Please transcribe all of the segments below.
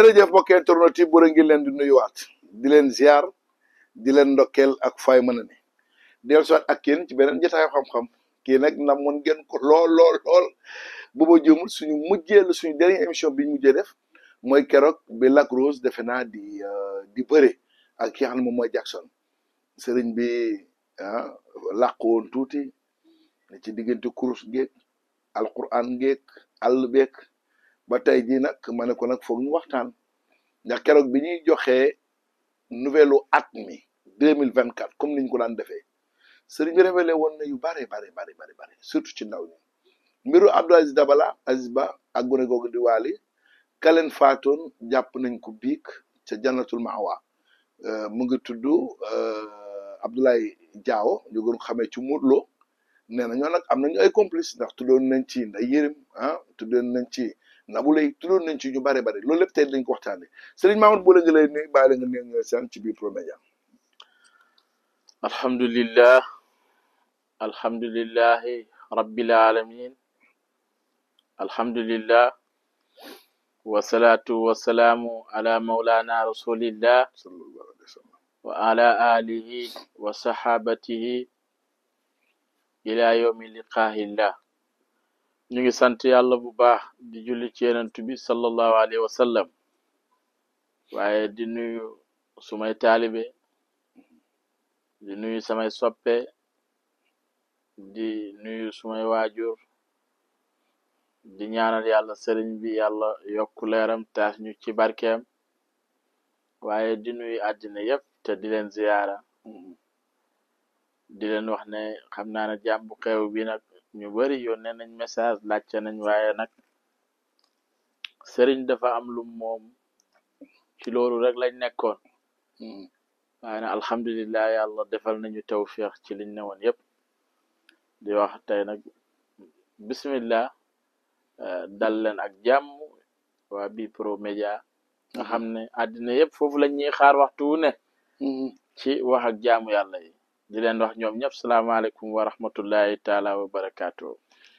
jërëjëf mbokk internet yi bëri ngi leen di nuyuwaat di leen ziar di leen ndokkeel ak fay mën a ne del soit ak yéen ci beneen jotaay xam-xam kii nag na mun ngeen ko lool lool lool bu ma jëmul suñu mujjeelu suñu dernière émission bi ñu mujjee mooy keroog bi Lac defe naa di euh, di bëre ak ki moom mooy Jackson sëriñ bi ah làqu woon tuuti ci diggante kurus geeg alquran geeg àll beek ba tey jii nag ma ne ko nag foog ñu waxtaan ndax keroog bi ñuy joxe nouvelle at mi deux mille vingt quatre comme ni ko daan defee sëriñ bi révélé woon na yu bare bare bare bare bare surtout ci ndaw ñi mbiru Abdou Aziz Dabala Aziz Ba ak gune googu di waali kaleen faatoon jàpp nañ ko biig ca jannatul maawa euh, mu ngi tudd euh, Abdoulaye Diawo ñu gën ko ci Modou Lo nee na ñoo am nañu ay complice ndax tuddoon nañ ci Ndeye Yérim ah tuddoon na ci ndax le lay tuddoon nañ ci ñu bare bare loolu lépp tey dañ ko waxtaane sëriñ Mamadou Bollé nga lay nuyu bàyyi la nga ne nga saan ci biir alamin alhamdulillah wasalaatu wasalaamu ala maulana rasulillah wa ala alihi ñu ngi sant yàlla bu baax di julli ci yenent bi sallallahu alayhi wa sallam waaye di nuyu sumay taalibe di nuyu samay soppe di nuyu sumay waajur di ñaanal yàlla seriñ bi yàlla yokku leeram taas ñu ci barkeem waaye di nuyu àddina yëpp te di leen ziyaara di leen wax ne xam naa ne jàmm xew bi nag ñu bari yonne nañ message laajte nañ waaye nag sëriñ dafa am lu moom ci loolu rek lañ nekkoon hmm. waaye nag alhamdulilah yàlla defal nañu tawfiq ci liñ ne woon yépp di wax tey nag bismillah eh, dal ak jàmm waa bi pro média nga hmm. xam ne àddina yépp foofu lañ ñuy xaar waxtu ne hmm. ci wax ak jaamu yàlla di leen wax ñoom ñëpp salaamaaleykum wa rahmatullahi taala wa barakaatu.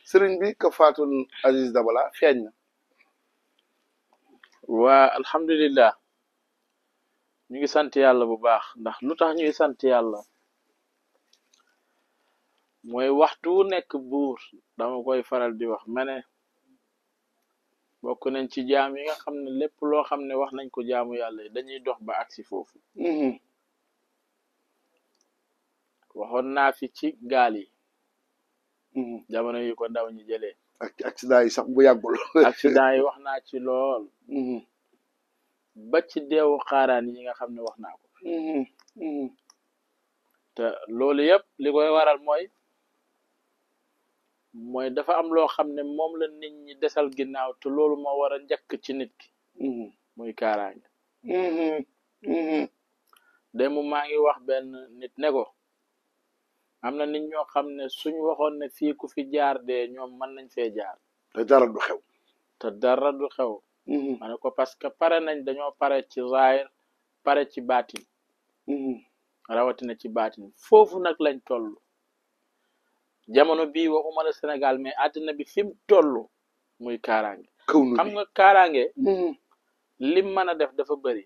sëriñ bi ka faatul Aziz Dabala feeñ na. waa alhamdulillah ñu ngi sant yàlla bu baax ndax lu tax ñuy sant yàlla mooy waxtu nekk buur dama koy faral di wax ma ne bokk nañ ci jaam yi nga lépp loo xam ne wax nañ ko jaamu yàlla yi dañuy dox ba agsi foofu. Mhm. waxoon naa fi ci gaal yi. Mm-hmm. jamono yi ko ndaw ñi jëlee. ak accident yi sax bu yàggul. accident yi wax naa ci lool. Mm-hmm. ba ci deewu xaaraan yi nga xam ne wax naa ko. Mm-hmm. te loolu yëpp li waral mooy mooy dafa am loo xam ne moom la nit ñi desal ginnaaw te loolu moo war a njëkk ci nit ki. muy kaaraange. démb maa ngi wax benn nit ne ko. am na nit ñoo xam ne suñ waxoon ne fii ku fi jaar dee ñoom mën nañ fee jaar te dara du xew te dara du xew mm-hmm. ne ko parce que pare nañ dañoo pare ci zaahir pare ci baatin mm-hmm. rawatina ci baatin foofu nag lañ toll jamono bii waxuma la Sénégal mais àddina bi fi tollu muy kaaraange xam nga kaaraange mm-hmm. lim mën a def dafa bëri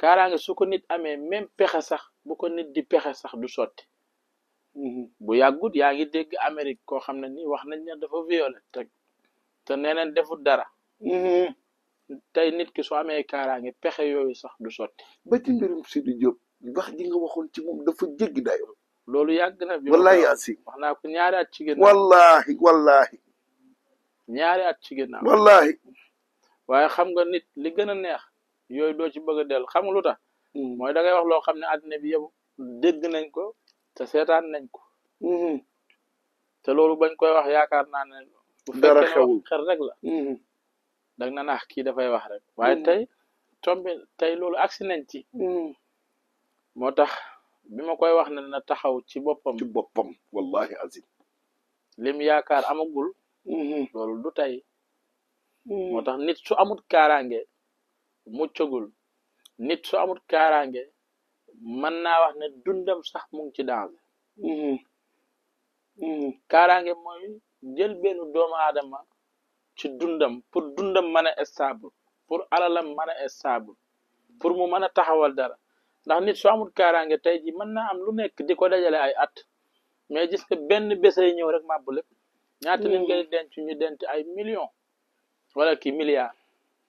kaaraange su ko nit amee même pexe sax bu ko nit di pexe sax du sotti Mm-hmm. bu yàggut yaa ngi dégg Amérique koo xam ne nii wax nañ ne dafa violé te te nee neen defut dara mm-hmm. tey nit ki soo amee kaaraange pexe yooyu sax du sotti ba ci mbirum Sidi Diop wax ji nga waxoon ci moom dafa jéggi dayoo loolu yàgg na bi wallahi asi wax naa ko ñaari at ci ginnaaw wallahi wallahi ñaari at ci ginnaaw wallahi xam nga nit li gën a neex yooyu doo ci bëgg a dellu xam nga lu tax mm-hmm. mooy da wax loo xam ne àddina bi yëpp dégg nañ ko te seetaan nañ ko. Mm-hmm. te loolu bañ koy wax yaakaar naa ne. dara xewul bu fekkee xel rek la. Mm-hmm. dag na naax kii dafay wax rek. waaye mm-hmm. tey tombi tey loolu agsi nañ ci. moo tax bi ma koy wax ne na taxaw ci boppam. ci boppam wallahi azim. lim yaakaar amagul. loolu du tey. moo tax nit su amut kaaraange muccagul nit su amut kaaraange man naa wax ne dundam sax mu ngi ci danger mm-hmm. Mm-hmm. kaaraange mooy jël benn doomu aadama ci dundam pour dundam mën a pour alalam mën pour mu mën a taxawal dara ndax nit soo amul kaaraange tey ji mën naa am lu nekk di ko dajale ay at mais gis nga benn bésay ñëw rek màbbu lépp ñaata nit ngay mm-hmm. denc ñu denc ay million wala ki milliards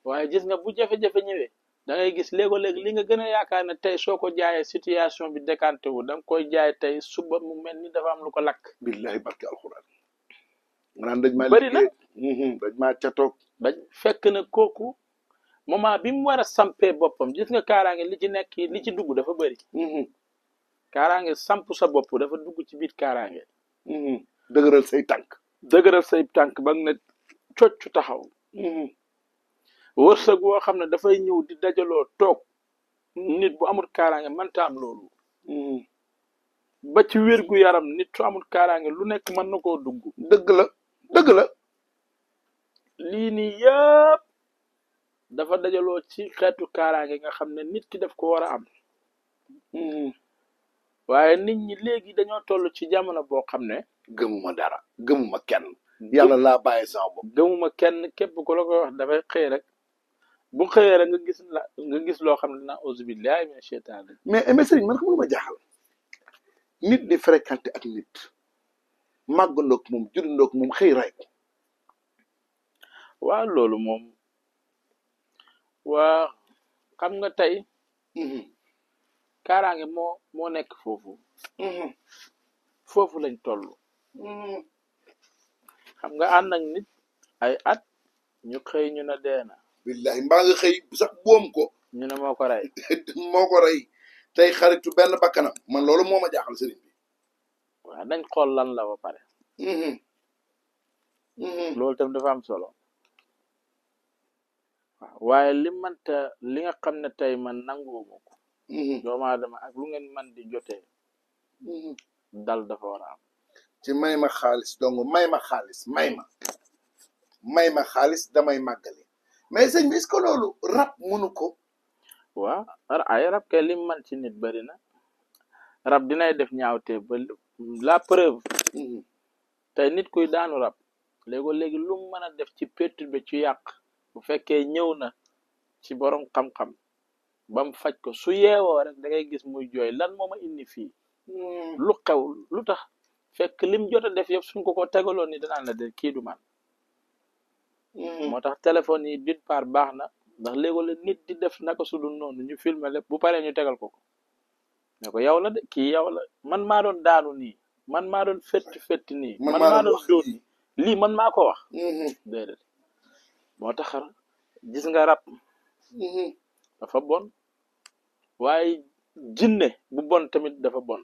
waaye gis nga bu jafe-jafe ñëwee da ngay gis léego-léeg li nga gën a yaakaar na tey soo ko jaayee situation bi décanté wu da koy jaay tey suba mu mel ni dafa am lu ko lakk billahi barke alxuraan maanaam dañ maa bëri na dañ maa catoog dañ fekk na kooku moment bi mu war a sampee boppam gis nga kaaraange li ci nekk li ci dugg dafa bëri mhm. kaaraange samp sa bopp dafa dugg ci biir kaaraange mhm. dëgëral say tànk dëgëral say tànk ba nga ne cocc taxaw mhm. wërsëg woo xam ne dafay ñëw di dajaloo toog nit bu amul kaaraange mënta am loolu hmm. ba ci wér gu yaram nit su amul kaaraange lu nekk mën na koo dugg dëgg la dëgg la lii nii yëpp dafa dajaloo ci xeetu kaaraange nga xam ne nit ki def ko war a am hmm. waaye nit ñi léegi dañoo toll ci jamono boo xam ne gëmuma dara gëmuma kenn yàlla laa bàyyi sax bopp gëmuma kenn képp ko la koy wax dafay xëy rek bu xëyee rek nga gis la gis loo xam ne naa auzu billahi mina cheytaan mais mais sëriñ man xam nga ma jaaxal nit di fréquenté ak nit màggandoog moom jurandoog moom xëy ray waa loolu moom waa xam nga tey mm-hmm. kaaraange moo nekk foofu mm-hmm. foofu lañ toll mm-hmm. xam nga ànd ak nit ay at ñu xëy ñu na deena billahi i nga xëy sax boom ko ñu ne ko rey tey xaritu benn bakkanam man loolu moo ma jaaxal sëriñ bi waaw nañ xool lan la ba pare mm-hmm. Mm-hmm. loolu tam dafa am solo waaw waaye li mënta li nga xam ne tey man nanguwuma ko mm-hmm. doomu aadama ak lu ngeen man di jotee dal dafa ci may ma xaalis donc may ma xaalis may ma may ma xaalis damay màggali mais sëñ bi est loolu rab mënu ko. waaw ay rab kay li man ci nit bari na rab dinay def ñaawte ba la preuve. Mhm. tey nit kuy daanu rab léegoo léegi lu mu mën a def ci perturber ci yàq bu fekkee ñëw na ci borom xam-xam ba mu faj ko su yeewoo rek da ngay gis muy jooy lan moo ma indi fii. Mhm. lu xew lu tax fekk lim jot def yëpp suñ ko ko tegaloon ni danaan la de kii du man Hmm. moo tax téléphone yi d'une part baax na ndax léegoo la nit di def naka su dul noonu ñu filmer lépp bu paree ñu tegal ko ko ko yow la de kii yow man maa doon daanu nii man maa doon fetti fetti nii man maa doon dóor nii man maa ko wax hmm. moo tax gis nga rab hmm. dafa bon waaye jinne bu bon tamit dafa bon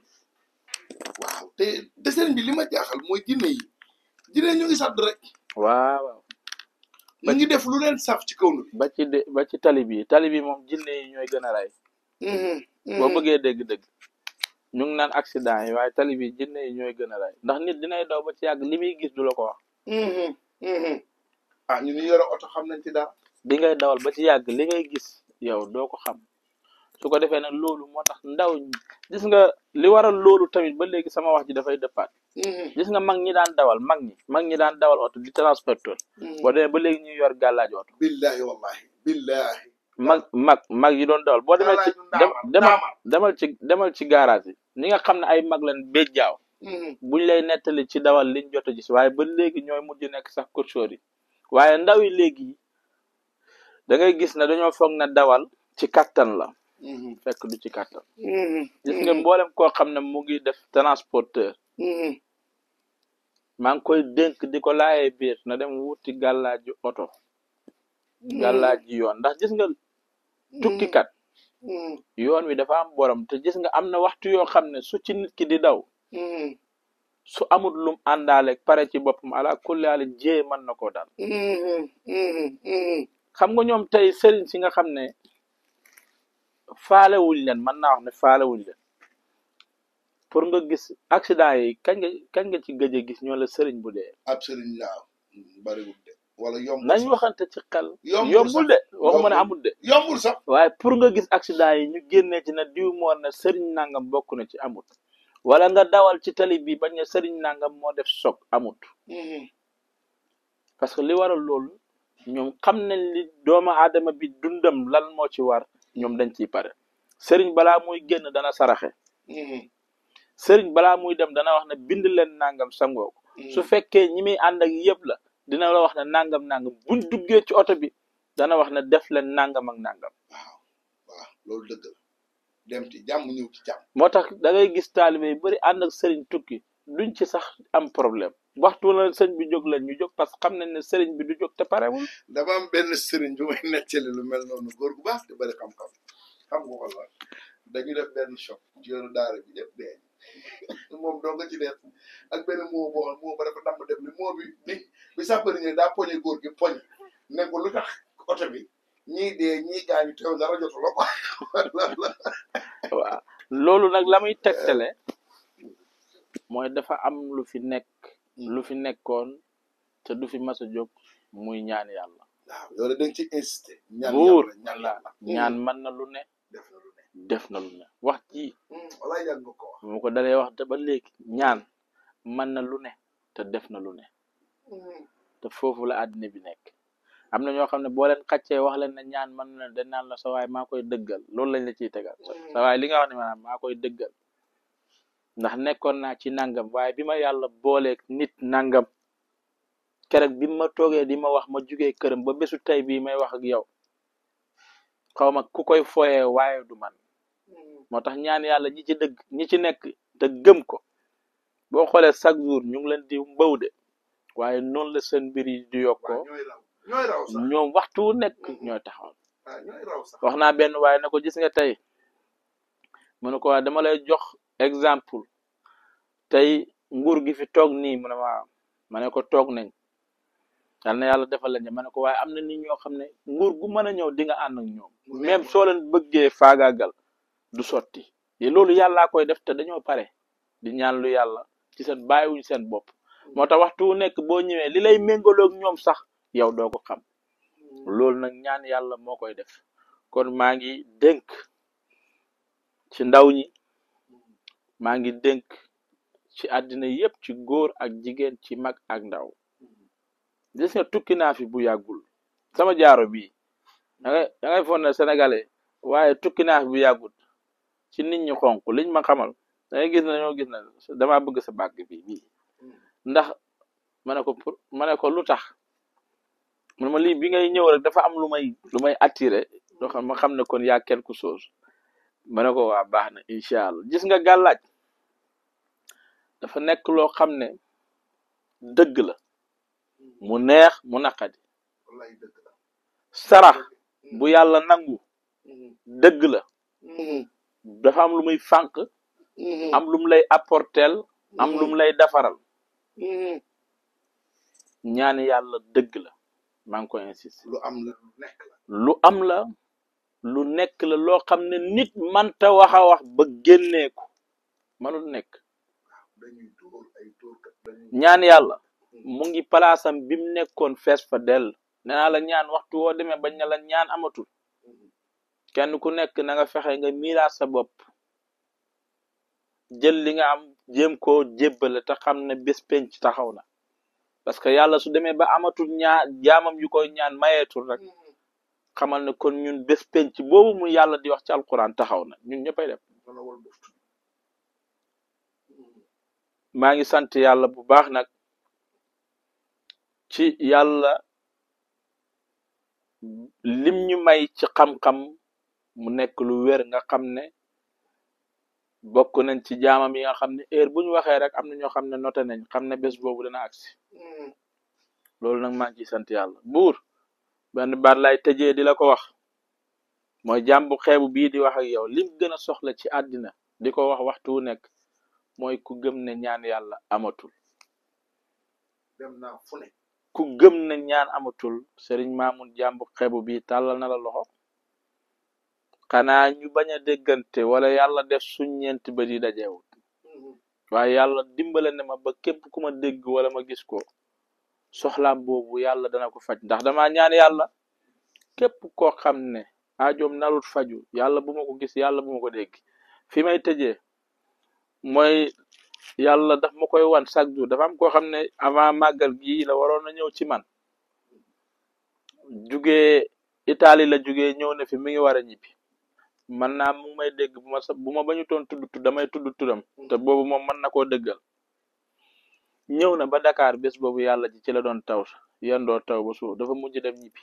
waaw te te bi li ma jaaxal mooy jinne yi jinne ñu ngi sàdd rek waaw ba ñu def lu leen saf ci kaw nu ba ci de ba ci tali bi tali bi moom jinne yi ñooy gën a ray mm-hmm, mm-hmm. boo bëggee dégg-dégg ñu ngi naan accident yi waaye tali bi jinne yi ñooy gën a ray ndax nit dinay daw ba ci yàgg li muy gis du la ko wax mm-hmm, ah ñu ñu oto xam nañ ci da bi ngay dawal ba ci yàgg li ngay gis yow doo ko xam su ko defee nag loolu moo tax ndaw ñi gis nga li waral loolu tamit ba léegi sama wax ji dafay dëppaat mm-hmm. gis nga mag ñi daan dawal mag ñi mag ñi daan dawal oto di transporteur mm-hmm. boo demee ba léegi ñuy yor gàllaaj oto billahi wallahi billahi mag mag mag yi doon dawal boo demee ci demal demal ci demal ci garage yi ñi nga xam ne ay mag lañ béjjaaw mm-hmm. buñ lay nettali ci dawal liñ jot a gis waaye ba léegi ñooy mujj nekk sax coureur yi waaye ndaw yi léegi da ngay gis ne dañoo foog na dawal ci kattan la Mm-hmm. fekk du ci kàttan mm-hmm. gis nga mm-hmm. mboolem koo xam ne mu ngi def transporteur maa ngi koy dénk di ko laayee biir na dem wuti gàllaaji oto gàllaaji yoon ndax gis nga tukkikat yoon wi dafa am borom te gis nga am na waxtu yoo xam ne su ci nit ki di daw su amul lum àndaale pare ci boppam ala kulli haal jee mën na ko dal xam nga ñoom tey sëriñ si nga xam ne faale wuñ leen mën naa wax ne faale wuñ pour nga gis accident yi kañ nga kañ nga ci gëj gis ñoo sëriñ bu dee. ab sëriñ laa bariwul nañ waxante ci xel. yombul de amul de. sax waaye pour nga gis accident yi ñu génnee ci ne diw moo ne sëriñ nangam bokk na ci amut. wala nga dawal ci tali bi bañ ne sëriñ nangam moo def soog amut. Mm-hmm. parce que li waral loolu ñoom xam ne li doomu aadama bi dundam lan moo ci war. ñoom dañ ciy pare sëriñ balaa muy génn dana saraxe mm-hmm. sëriñ balaa muy dem dana wax na bind leen nangam sangoo ko mm-hmm. su fekkee ñi muy ànd ak yëpp la dina la wax ne nangam nangam bu duggee ci oto bi dana wax ne def leen nangam ak nangam. waaw loolu dëgg la moo tax da gis taalibe yu bari ànd ak sëriñ tukki duñ ci sax am problème. waxtu na sëñ bi jóg la ñu jóg parce que xam nañ ne sëriñ bi du jóg te pare parewul dafa am benn sëriñ bu may nettali lu mel noonu góor gu ba bari xam ko lool dañu def benn choc jëru moom benn moo bi bi bi sàppari ñëw daa bi ñii dee ñii gaañu teew dara jotu la ko waaw dafa am lu fi nekk lu fi nekkoon te du fi mas jóg muy ñaan yàlla. waaw loolu ci insister. ñaan yàlla ñaan mën mm. na lu ne. def na lu ne wax ci mm, wala yàgg nga wax. mu ba léegi ñaan mën na lu ne te def na lu ne. Mm. te foofu la àddina bi nekk. am na ñoo xam ne boo leen xàccee wax leen ne ñaan mën na dañ naan la sa waay maa koy dëggal loolu lañ la ciy tegal. sa waay wax ne maa koy dëggal. ndax nekkoon naa ci nangam waaye bi ma yàlla booleeg nit nangam keroog bi ma toogee di ma wax ma jugee këram ba bésu tey bii may wax ak yow xaw ma ku koy foye waaye du man moo tax ñaan yàlla ñi ci dëgg ñi ci nekk te gëm ko boo xoolee chaque jour ñu ngi leen di mbaw de waaye noonu la seen mbir yi di yokkoo ñoom waxtu nekk mm-hmm. ñooy taxaw wax naa benn waaye na nga tey mu ne ko waa dama lay jox exemple tey nguur gi fi toog nii mu ne ma ne ko toog nañ yal na yàlla defal lañ ma ne ko waaye am na ni ñoo xam ne nguur gu mën a ñëw di nga ànd ak ñoom même soo leen bëggee faagaagal du sotti te loolu yàllaa koy def te dañoo pare di ñaan yàlla ci seen bàyyiwuñ seen bopp moo tax waxtu wu nekk boo ñëwee li lay méngaloog ñoom sax yow doo xam loolu nag ñaan yàlla moo koy def kon maa ngi ci ndaw ñi maa ngi dénk ci àddina yépp ci góor ak jigéen ci mag ak ndaw gis nga tukki naa fi bu yàggul sama jaaro bi da ngay da ngay foog ne sénégalais waaye tukki naa fi bu yàggut ci nit ñi xonk liñ ma xamal da ngay gis na ñoo gis ne damaa bëgg sa bàgg bi bii ndax ma ne ko ma ne ko lu tax man ma lii bi ngay ñëw rek dafa am lu may lu may attiré loo xam ma xam ne kon yaa quelque chose ma ne ko waa baax na incha allah gis nga gàllaaj dafa nekk loo xam ne dëgg la hmm. mu neex mu naqadi sarax hmm. bu yàlla nangu hmm. dëgg la dafa am lu muy fànq am lu mu lay apportel am lu mu lay defaral ñaan yàlla dëgg la maa ngi lu am la lu am la lu nekk la loo xam ne nit manta wax a wax ba génneeku manul nekk ñaan yàlla mu ngi palaasam bi mu nekkoon fees fa dell nee la ñaan waxtu woo demee bañ la ñaan amatul kenn ku nekk na nga fexe nga miiraat sa bopp jël li nga am jéem koo jébbale te xam ne bés penc taxaw na parce que yàlla su demee ba amatul ñaa jaamam yu koy ñaan mayeetul rek xamal ne kon ñun bés penc boobu mu yàlla di wax ci alquran taxaw na ñun ñëppay dem maa ngi sant yàlla bu baax nag ci yàlla lim ñu may ci xam-xam mu nekk lu weer nga xam ne bokk nañ ci jaamam yi nga xam ne heure bu ñu waxee rek am na ñoo xam ne noté nañ xam ne bés boobu dana agsi hmm. loolu nag maa ngi sant yàlla buur benn baat lay tëjee di la ko wax mooy jàmm bu xeebu bii di wax ak yow lim gën a soxla ci àddina di ko wax waxtu wu nekk mooy ku gëm ne ñaan yàlla amatul dem naa fu ku gëm ne ñaan amatul sëriñ Maamun jàmbu xebu bi tàllal na la loxo kana ñu bañ a déggante wala yàlla def suñ ñeent bët yi dajewut mm-hmm. waaye yàlla dimbale ne ma ba képp ku ma dégg wala ma gis ko soxlaam boobu yàlla dana ko faj ndax dama ñaan yàlla képp koo xam ne ajoom narut faju yàlla bu ma ko gis yàlla bu ma ko dégg fi may tëjee mooy yàlla daf ma koy wan chaque jour dafa am koo xam ne avant màggal gii la waroon na ñëw ci man jugee Italie la jugee ñëw ne fi mi ngi war a ñibbi man naa mu may dégg bu ma bu ma bañu toon tudd tudd damay tudd turam te boobu moom mën na koo dëggal ñëw na ba Dakar bés boobu yàlla ji ci la doon taw yendoo taw ba suuf dafa mujj dem ñibbi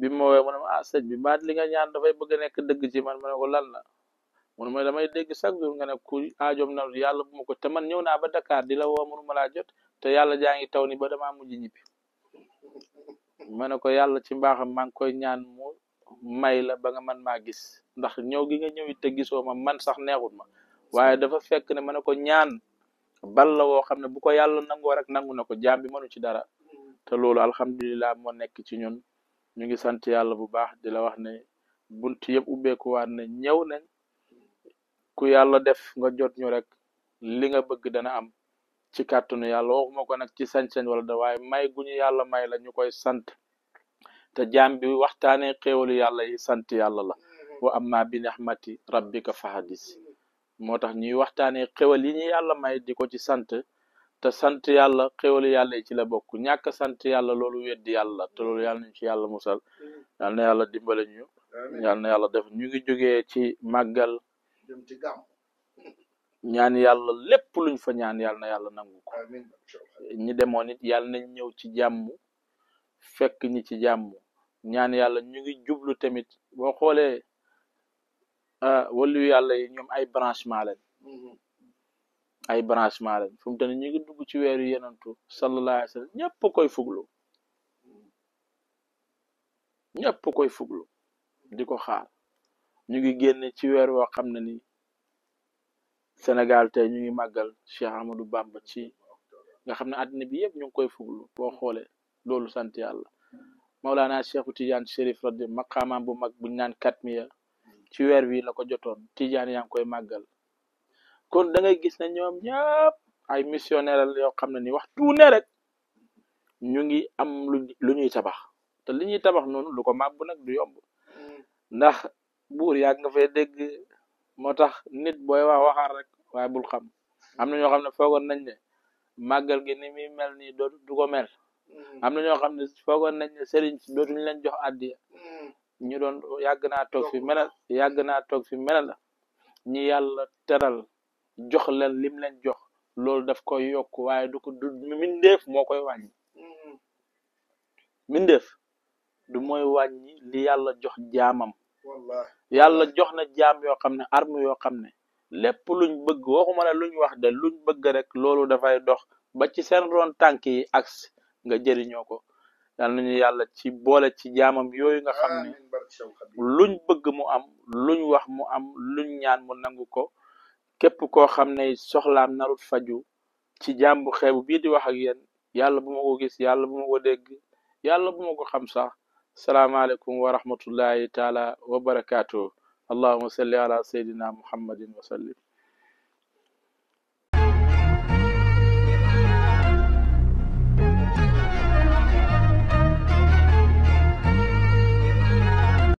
bi mu woowee mu ne ma ah, bi baat li nga ñaan dafay bëgg a dëgg ci man ma ne lan la mu ne ma dégg chaque nga ne ku aajoom na yàlla bu ma ko te man ñëw naa ba Dakar di la woo mënuma laa jot te yàlla jaa ngi taw ni ba damaa mujj ñibbi ma ne ko yàlla ci mbaaxam maa ngi koy ñaan mu may la ba nga man maa gis ndax ñëw gi nga ñëwit te gisoo ma man sax neexut ma waaye dafa fekk ne ma ne ñaan bal la woo xam ne bu ko yàlla nangoo rek nangu na ko jaam bi mënu ci dara te loolu alhamdulilah moo nekk ci ñun ñu ngi sant yàlla bu baax di la wax ne bunt yëpp ubbeekuwaat ne ñëw nañ ku yàlla def nga jot ñu rek li nga bëgg dana am ci kàttanu yàlla waxuma ko nag ci sañ-sañ wala da waaye may gu ñu yàlla may la ñu koy sant te jaam bi waxtaanee xéewalu yàlla yi sant yàlla la wa amma bi nixmati rabbika fahadis moo tax ñuy waxtaanee xéwal yi ñu yàlla may di ko ci sant te sant yàlla xéwalu yàlla yi ci la bokk ñàkk sant yàlla loolu weddi yàlla te loolu yàlla nañ ci yàlla musal yàlla yàlla dimbale ñu yàlla na yàlla def ñu ngi jógee ci màggal ñaan yàlla lépp luñ fa ñaan yàlla na yàlla nangu ko ñi demoon yàlla nañ ñëw ci jàmm fekk ñi ci jàmm ñaan yàlla ñu ngi jublu tamit boo xoolee Euh, wàllu yàlla yi ñoom ay branchement lañ mhm. ay branchement lañ fu mu te ne ñu ngi dugg ci weeru yenantu sallallahu alayhi wa sallam ñëpp koy fuglu ñëpp koy fuglu di ko xaar ñu ngi génn ci weer woo xam ne ni Sénégal te ñu ngi màggal Cheikh Amadou Bamba ci nga xam ne àddina bi yëpp ñu ngi koy fuglu boo xoolee loolu sant yàlla Maulana Cheikh Tidiane Chérif Radhi maqaamaam bu mag buñ naan katmiya ci weer wi la ko jotoon tijaan yaa koy màggal kon da ngay gis ne ñoom ñëpp ay missionnaire la yoo xam ne ni waxtu ne rek ñu ngi am lu ñuy tabax te li ñuy tabax noonu lu ko màbb nag du yomb mm. ndax buur yaa nga fay dégg moo tax nit booy wax waxaar rek waaye bul xam am na ñoo xam ne foogoon nañ ne màggal gi ni muy mel nii dootu du mel mm. am na ñoo xam ne foogoon nañ ne sëriñ si dootuñu jox àddiya mm. ñu doon yàgg naa toog fi mel yàgg naa toog fi mel la ñi yàlla teral jox leen lim leen jox loolu def koy yokk waaye du ko du mindeef moo koy wàññi mindeef mm. du mooy wàññi li yàlla jox jaamam yàlla jox na jaam yoo xam ne arme yoo xam ne lépp luñ bëgg waxuma ne luñ wax de luñ bëgg rek loolu dafay dox ba ci seen ron tànk yi ak nga jëriñoo ko yàlla nañu yàlla ci boole ci jaamam yooyu nga xam ne luñ bëgg mu am luñ wax mu am luñ ñaan mu nangu ko képp koo xam ne soxlaam narut faju ci jaam bu xeebu bii di wax ak yéen yàlla bu ma ko gis yàlla bu ma ko dégg yàlla bu ma ko xam sax salaamaaleykum wa rahmatullahi taala wa barakaatu allahuma salli ala sayyidina muhammadin wa sallim